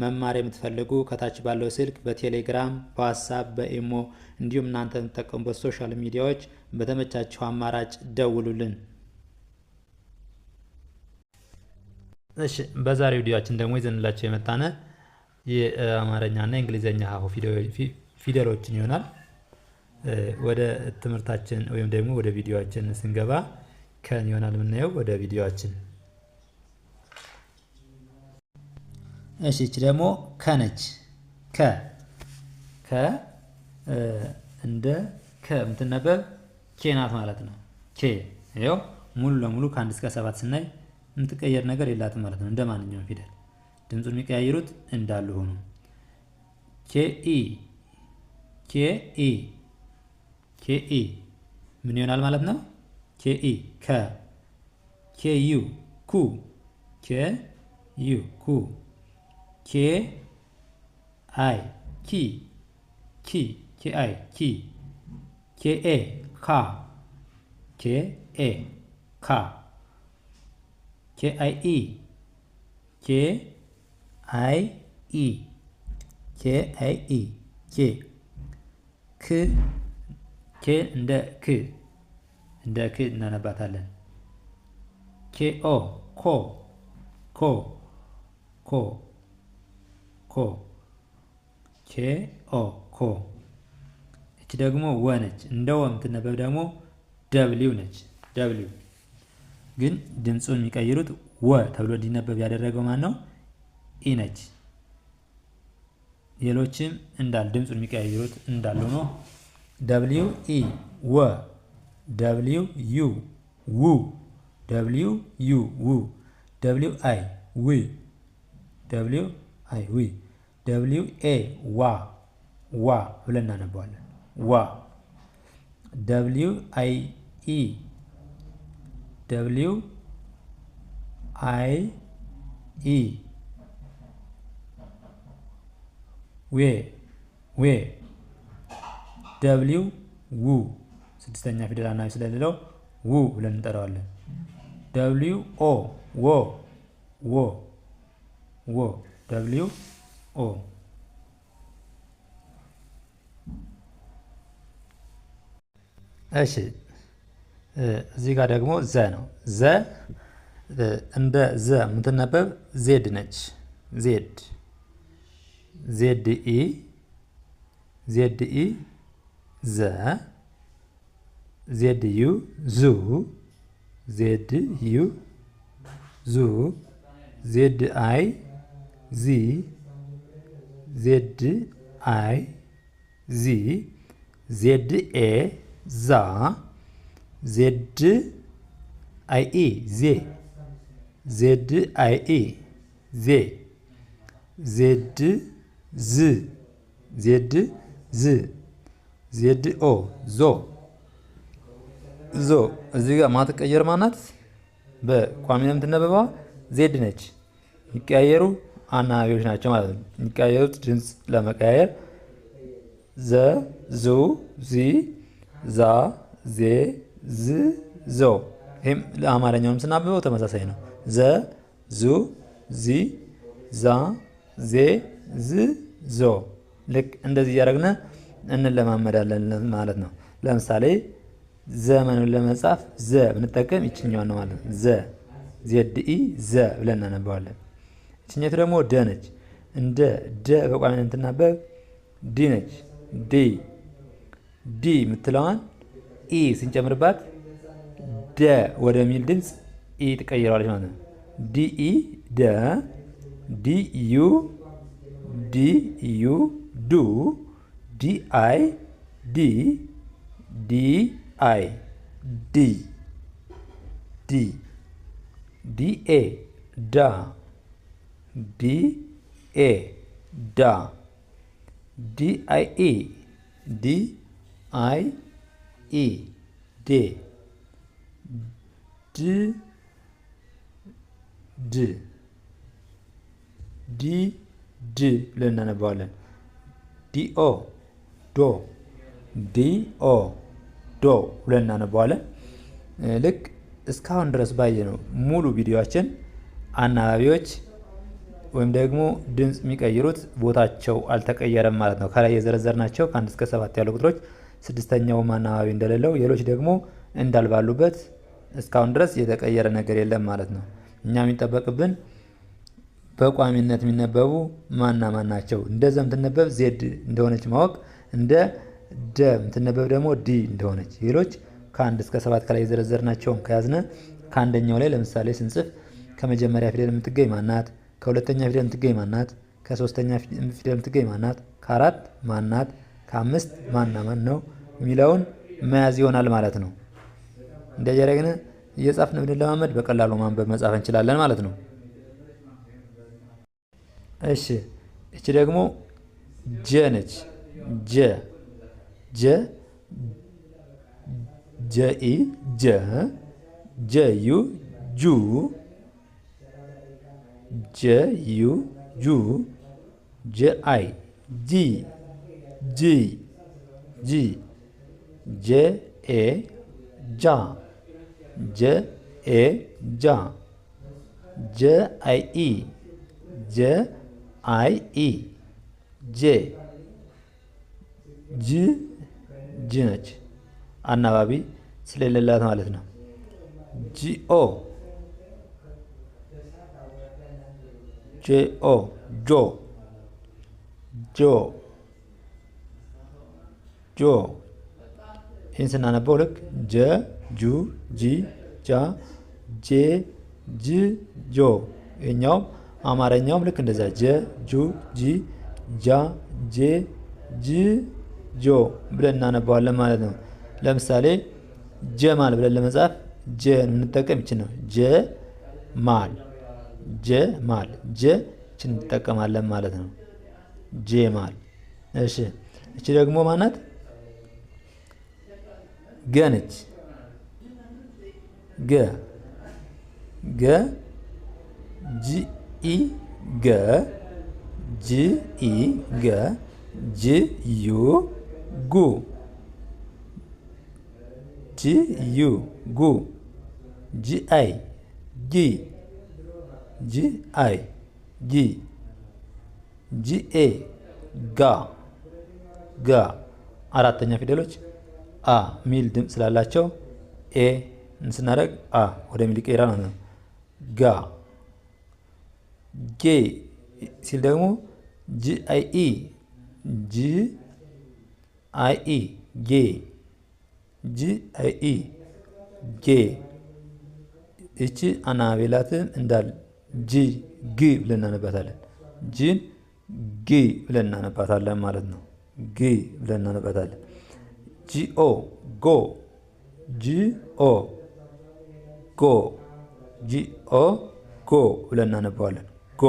መማር የምትፈልጉ ከታች ባለው ስልክ በቴሌግራም በዋትሳፕ በኢሞ እንዲሁም እናንተ የምትጠቀሙበት ሶሻል ሚዲያዎች በተመቻቸው አማራጭ ደውሉልን። እሺ በዛሬው ቪዲዮችን ደግሞ ይዘንላቸው የመጣነ የአማርኛና የእንግሊዝኛ ሀሁ ፊደሎችን ይሆናል። ወደ ትምህርታችን ወይም ደግሞ ወደ ቪዲዮችን ስንገባ ከን ይሆናል የምናየው ወደ ቪዲዮችን እሺ እቺ ደግሞ ከነች ከ ከ እንደ ከ የምትነበብ ኬ ናት ማለት ነው። ኬ ይኸው ሙሉ ለሙሉ ከአንድ እስከ ሰባት ስናይ የምትቀየር ነገር የላትም ማለት ነው። እንደ ማንኛውም ፊደል ድምፁን የሚቀያየሩት እንዳሉ ሆኑ። ኬ ኢ ኬ ኢ ኬ ኢ ምን ይሆናል ማለት ነው? ኬ ኢ ከ ኬ ዩ ኩ ኬ ዩ ኩ ኬ አይ ኪ ኪ ኬ አይ ኪ ኬ ኤ ካ ኬ ኤ ካ ኬ አይ ኢ ኬ አይ ኢ ኬ አይ ኢ ኬ ክ ኬ እንደ ክ እንደ ክ እናነባታለን። ኬ ኦ ኮ ኮ ኮ ኮ ቼ ኦ ኮ። እች ደግሞ ወ ነች። እንደ ወ የምትነበብ ደግሞ ደብሊው ነች። ደብሊው ግን ድምፁን የሚቀይሩት ወ ተብሎ እንዲነበብ ያደረገው ማን ነው? ኢ ነች። ሌሎችም እንዳል ድምፁን የሚቀያይሩት እንዳሉ ነው። ደብሊው ኢ ወ ደብሊው ዩ ው ደብሊው ዩ ው ደብሊው አይ ዊ ደብሊው አይ ዊ ደብሊው ኤ ዋ ዋ ብለን እናነባዋለን። ዋ ደብሊው አይ ኢ ደብሊው አይ ኢ ዌ ዌ ደብሊው ው ስድስተኛ ፊደል አናባቢ ስለሌለው ው ብለን እንጠራዋለን። ደብሊው ኦ ዎ ዎ ዎ ደብሊው ኦ እሺ እዚህ ጋር ደግሞ ዘ ነው። ዘ እንደ ዘ የምትነበብ ዜድ ነች። ዜድ ዜድ ኢ ዜድ ኢ ዘ ዜድ ዩ ዙ ዜድ ዩ ዙ ዜድ አይ ዚ ዜድ አይ ዚ ዜድ ኤ ዛ ዜድ አይ ኢ ዜ ዜድ አይ ኢ ዜ ዜድ ዝ ዜድ ዝ ዜድ ኦ ዞ ዞ እዚህ ጋር ማትቀየር ማናት በቋሚ ነው የምትነበበዋ ዜድ ነች። ይቀያየሩ አናባቢዎች ናቸው ማለት ነው። የሚቀያየሩት ድምፅ ለመቀያየር ዘ፣ ዙ፣ ዚ፣ ዛ፣ ዜ፣ ዝ፣ ዞ። ይህም ለአማርኛውም ስናብበው ተመሳሳይ ነው። ዘ፣ ዙ፣ ዚ፣ ዛ፣ ዜ፣ ዝ፣ ዞ። ልክ እንደዚህ እያደረግን እንለማመዳለን ማለት ነው። ለምሳሌ ዘመኑን ለመጻፍ ዘ ብንጠቀም ይችኛዋን ነው ማለት ነው። ዘ ዜድኢ ዘ ብለን እናነበዋለን። ችኘቱ ደግሞ ደ ነች። እንደ ደ በቋሚነት የምትናበብ ዲ ነች። ዲ ዲ የምትለዋን ኢ ስንጨምርባት ደ ወደሚል ድምፅ ኢ ትቀይረዋለች ማለት ነው። ዲ ኢ ደ ዲ ዩ ዲ ዩ ዱ ዲ አይ ዲ ዲ አይ ዲ ዲ ዲ ኤ ዳ ዲ ኤ ዳ ዲ አይ ኢ ዲ አይ ኢ ዴ ድ ድ ዲ ድ ብለን እናነባዋለን። ዲኦ ዶ ኦ ዶ ብለን እናነባዋለን። ልክ እስካሁን ድረስ ባየ ነው ሙሉ ቪዲዮችን አናባቢዎች ወይም ደግሞ ድምፅ የሚቀይሩት ቦታቸው አልተቀየረም ማለት ነው። ከላይ የዘረዘርናቸው ከአንድ እስከ ሰባት ያሉ ቁጥሮች ስድስተኛው ማናባቢ እንደሌለው፣ ሌሎች ደግሞ እንዳልባሉበት እስካሁን ድረስ የተቀየረ ነገር የለም ማለት ነው። እኛ የሚጠበቅብን በቋሚነት የሚነበቡ ማና ማን ናቸው። እንደ ዘ የምትነበብ ዜድ እንደሆነች ማወቅ፣ እንደ ደ የምትነበብ ደግሞ ዲ እንደሆነች። ሌሎች ከአንድ እስከ ሰባት ከላይ የዘረዘርናቸውን ከያዝነ ከአንደኛው ላይ ለምሳሌ ስንጽፍ ከመጀመሪያ ፊደል የምትገኝ ማናት? ከሁለተኛ ፊደል የምትገኝ ማናት? ከሶስተኛ ፊደል የምትገኝ ማናት? ከአራት ማናት? ከአምስት ማና ማን ነው የሚለውን መያዝ ይሆናል ማለት ነው። እንደጀረግን እየጻፍን ብንለማመድ በቀላሉ ማንበብ መጻፍ እንችላለን ማለት ነው። እሺ እቺ ደግሞ ጀ ነች። ጀ ጀ ጀኢ ጀ ጀዩ ጁ ጀ ዩ ጁ ጀ አይ ጂ ጂ ጂ ጄ ኤ ጃ ጀ ኤ ጃ ጀ አይ ኢ ጀ አይ ኢ ጄ ጅ ጅ ነች አናባቢ ስለሌላት ማለት ነው። ጂኦ ጄኦ ጆ ጆ ጆ ይህን ስናነበው ልክ ጀ ጁ ጂ ጃ ጄ ጅ ጆ ይኛውም አማርኛውም ልክ እንደዛ ጀ ጁ ጂ ጃ ጄ ጅ ጆ ብለን እናነባዋለን ማለት ነው። ለምሳሌ ጀማል ብለን ለመጻፍ ጀ እንጠቀም ይችል ነው። ጀ ማል ጀማል ጀ እችን እንጠቀማለን ማለት ነው። ጀማል። እሺ እቺ ደግሞ ማናት? ገነች ገ ገ ጂ ኢ ገ ጂ ኢ ገ ጂ ዩ ጉ ጂ ዩ ጉ ጂ አይ ጊ G I G G A ጋ ጋ አራተኛ ፊደሎች አ ሚል ድምፅ ስላላቸው ኤ ስናደርግ አ ወደ ሚል ይቀየራል ነው። ጋ ጌ ሲል ደግሞ ጂ አይ ኢ ጂ አይ ኢ ጌ ጂ አይ ኢ ጌ ይቺ አናቤላትም እንዳል ጂ ግ ብለን እናነባታለን። ጂን ጊ ብለን እናነባታለን ማለት ነው። ጊ ብለን እናነባታለን። ጂኦ ጎ ጂኦ ጎ ጂኦ ጎ ብለን እናነባዋለን። ጎ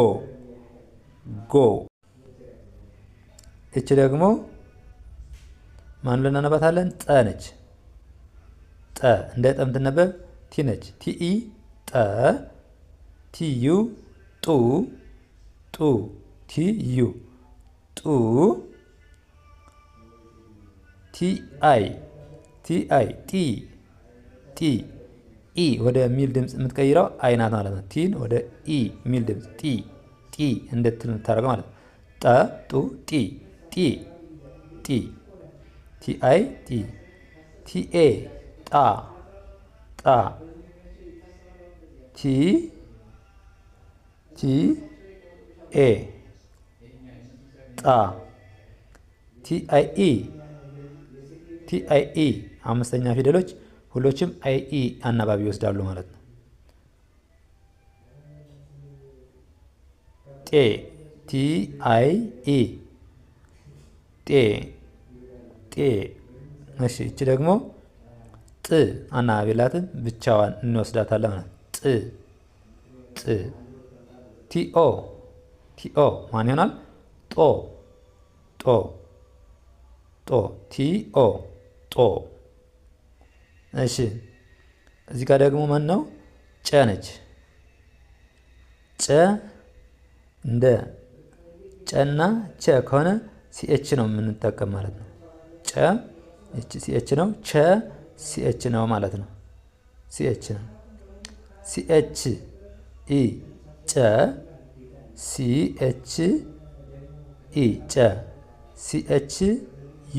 ጎ። እች ደግሞ ማን ብለን እናነባታለን? ጠ ነች። ጠ እንደ ጠ ምትነበብ ቲ ነች። ቲኢ ጠ ቲዩ ጡ ጡ ቲዩ ጡ ቲአይ ቲአይ ጢ ጢ ኢ ወደ ሚል ድምፅ የምትቀይረው አይ ናት ማለት ነው። ቲን ወደ ኢ ሚል ድምፅ ጢ ጢ እንደትል የምታደርገው ማለት ነው። ጠ ጡ ጢ ጢ ጢ ቲአይ ጢ ቲኤ ጣ ጣ ቲ ቲ ኤ ጣ ቲ አይ ኢ ቲ አይ ኢ አምስተኛ ፊደሎች ሁሎችም አይ ኢ አናባቢ ይወስዳሉ ማለት ነው። ጤ ቲ አይ ኢ ጤ ጤ። እሺ እቺ ደግሞ ጥ አናባቢ ላትን ብቻዋን እንወስዳታለን ማለት ጥ ጥ ቲኦ ቲኦ ማን ይሆናል? ጦ ጦ ጦ ቲኦ ጦ። እሺ እዚህ ጋር ደግሞ ማን ነው? ጨ ነች። ጨ እንደ ጨና ቸ ከሆነ ሲኤች ነው የምንጠቀም ማለት ነው። ጨ ሲኤች ነው። ቸ ሲኤች ነው ማለት ነው። ሲኤች ነው ሲኤች ኢ ጨ ሲ ኤች ኢ ጨ ሲ ኤች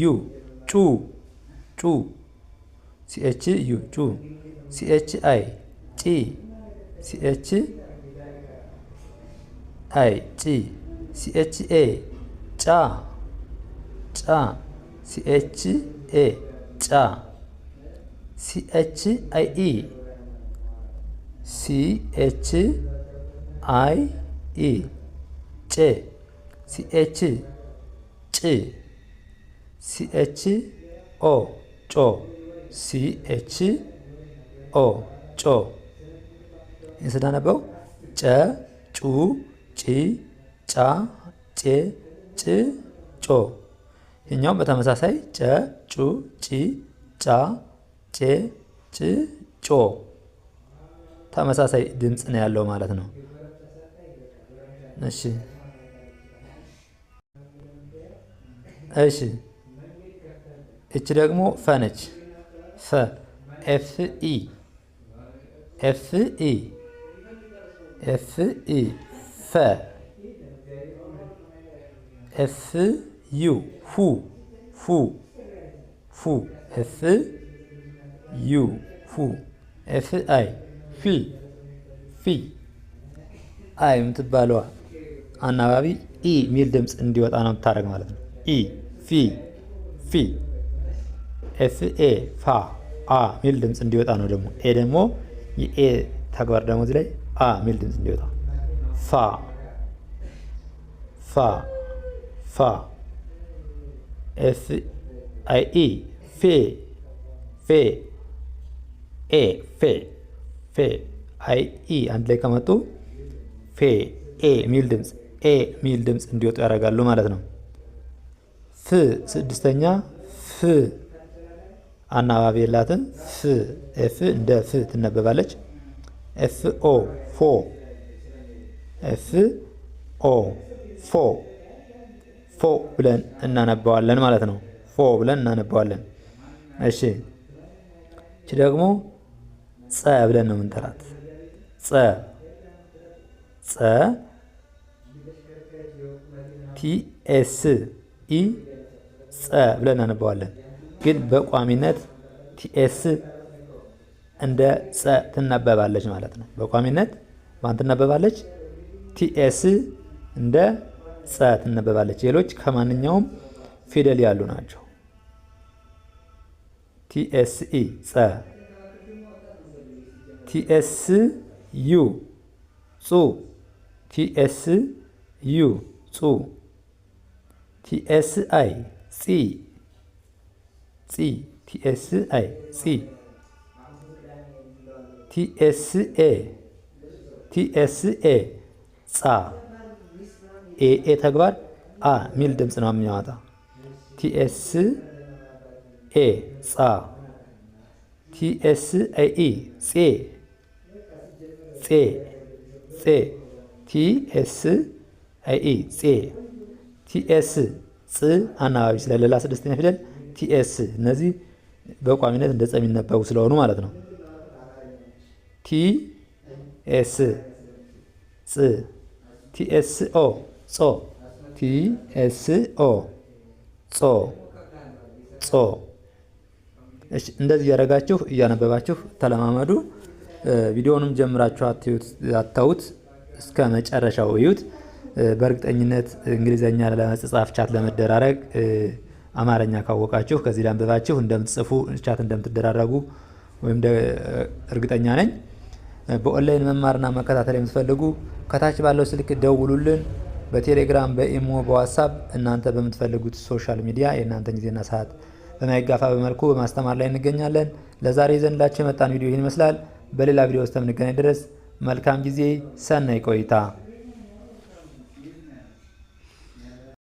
ዩ ጩ ጩ ሲ ኤች ዩ ጩ ሲ ኤች አይ ጪ ሲ ኤች አይ ጪ ሲ ኤች ኤ ጫ ጫ ሲ ኤች ኤ ጫ ሲ ኤች አይ ኢ ሲ ኤች አይ ኢ ጭ ሲኤች ጭ ሲኤች ኦ ጮ ሲኤች ኦ ጮ ስናነበው ጨ ጩ ጪ ጫ ጬ ጭ ጮ እኛውም በተመሳሳይ ጨ ጩ ጪ ጫ ጬ ጭ ጮ ተመሳሳይ ድምፅ ነው ያለው ማለት ነው። ماشي ماشي اتش ደግሞ ف ነች ف اف اي اف اي اف اي ف اف يو فو فو فو اف يو فو اف اي في في اي متبالوه አናባቢ ኢ የሚል ድምፅ እንዲወጣ ነው የምታደርግ ማለት ነው። ኢ ፊ ፊ ኤፍ ኤ ፋ አ የሚል ድምፅ እንዲወጣ ነው። ደግሞ ኤ ደግሞ የኤ ተግባር ደግሞ እዚህ ላይ አ የሚል ድምፅ እንዲወጣ ፋ ፋ ፋ ኤፍ አይ ኢ ፌ ፌ ኤ ፌ ፌ አይ ኢ አንድ ላይ ከመጡ ፌ ኤ የሚል ድምፅ ኤ ሚል ድምፅ እንዲወጡ ያደርጋሉ ማለት ነው። ፍ ስድስተኛ ፍ አናባቢ የላትም። ፍ ኤፍ እንደ ፍ ትነበባለች። ኤፍ ኦ ፎ ኤፍ ኦ ፎ ፎ ብለን እናነባዋለን ማለት ነው። ፎ ብለን እናነባዋለን። እሺ እቺ ደግሞ ጸ ብለን ነው የምንጠራት ጸ ጸ ቲኤስ ኢ ጸ ብለን እናንበዋለን። ግን በቋሚነት ቲኤስ እንደ ጸ ትነበባለች ማለት ነው። በቋሚነት ማን ትነበባለች? ቲኤስ እንደ ጸ ትነበባለች። ሌሎች ከማንኛውም ፊደል ያሉ ናቸው። ቲኤስ ኢ ጸ ቲኤስ ዩ ጹ ቲኤስ ዩ ጹ ቲኤስ አይ ፂ ፂ ቲኤስአይ ፂ ቲኤስ ኤ ቲኤስኤ ቲኤስኤ ጻ ኤ ተግባር አ ሚል ድምፅ ነው የሚያወጣ። ቲኤስኤ ጻ ቲኤስአይኢ e ጼ ቲኤስ ጼ ቲኤስአይኢ ጼ ቲኤስ ጽ አናባቢ ስለሌላ ስድስተኛ ፊደል ቲኤስ እነዚህ በቋሚነት እንደ ጸ የሚነበቡ ስለሆኑ ማለት ነው። ቲኤስ ጽ ቲኤስ ኦ ጾ ቲኤስ ኦ ጾ ጾ። እንደዚህ እያደረጋችሁ እያነበባችሁ ተለማመዱ። ቪዲዮውንም ጀምራችሁ አታዩት፣ እስከ መጨረሻው እዩት። በእርግጠኝነት እንግሊዘኛ ለመጽጻፍ ቻት ለመደራረግ አማርኛ ካወቃችሁ ከዚህ ላንብባችሁ እንደምትጽፉ ቻት እንደምትደራረጉ ወይም እርግጠኛ ነኝ። በኦንላይን መማርና መከታተል የምትፈልጉ ከታች ባለው ስልክ ደውሉልን። በቴሌግራም፣ በኢሞ፣ በዋትሳፕ እናንተ በምትፈልጉት ሶሻል ሚዲያ የእናንተን ጊዜና ሰዓት በማይጋፋ በመልኩ በማስተማር ላይ እንገኛለን። ለዛሬ ዘንዳቸው የመጣን ቪዲዮ ይህን ይመስላል። በሌላ ቪዲዮ ውስጥ ምንገናኝ ድረስ መልካም ጊዜ፣ ሰናይ ቆይታ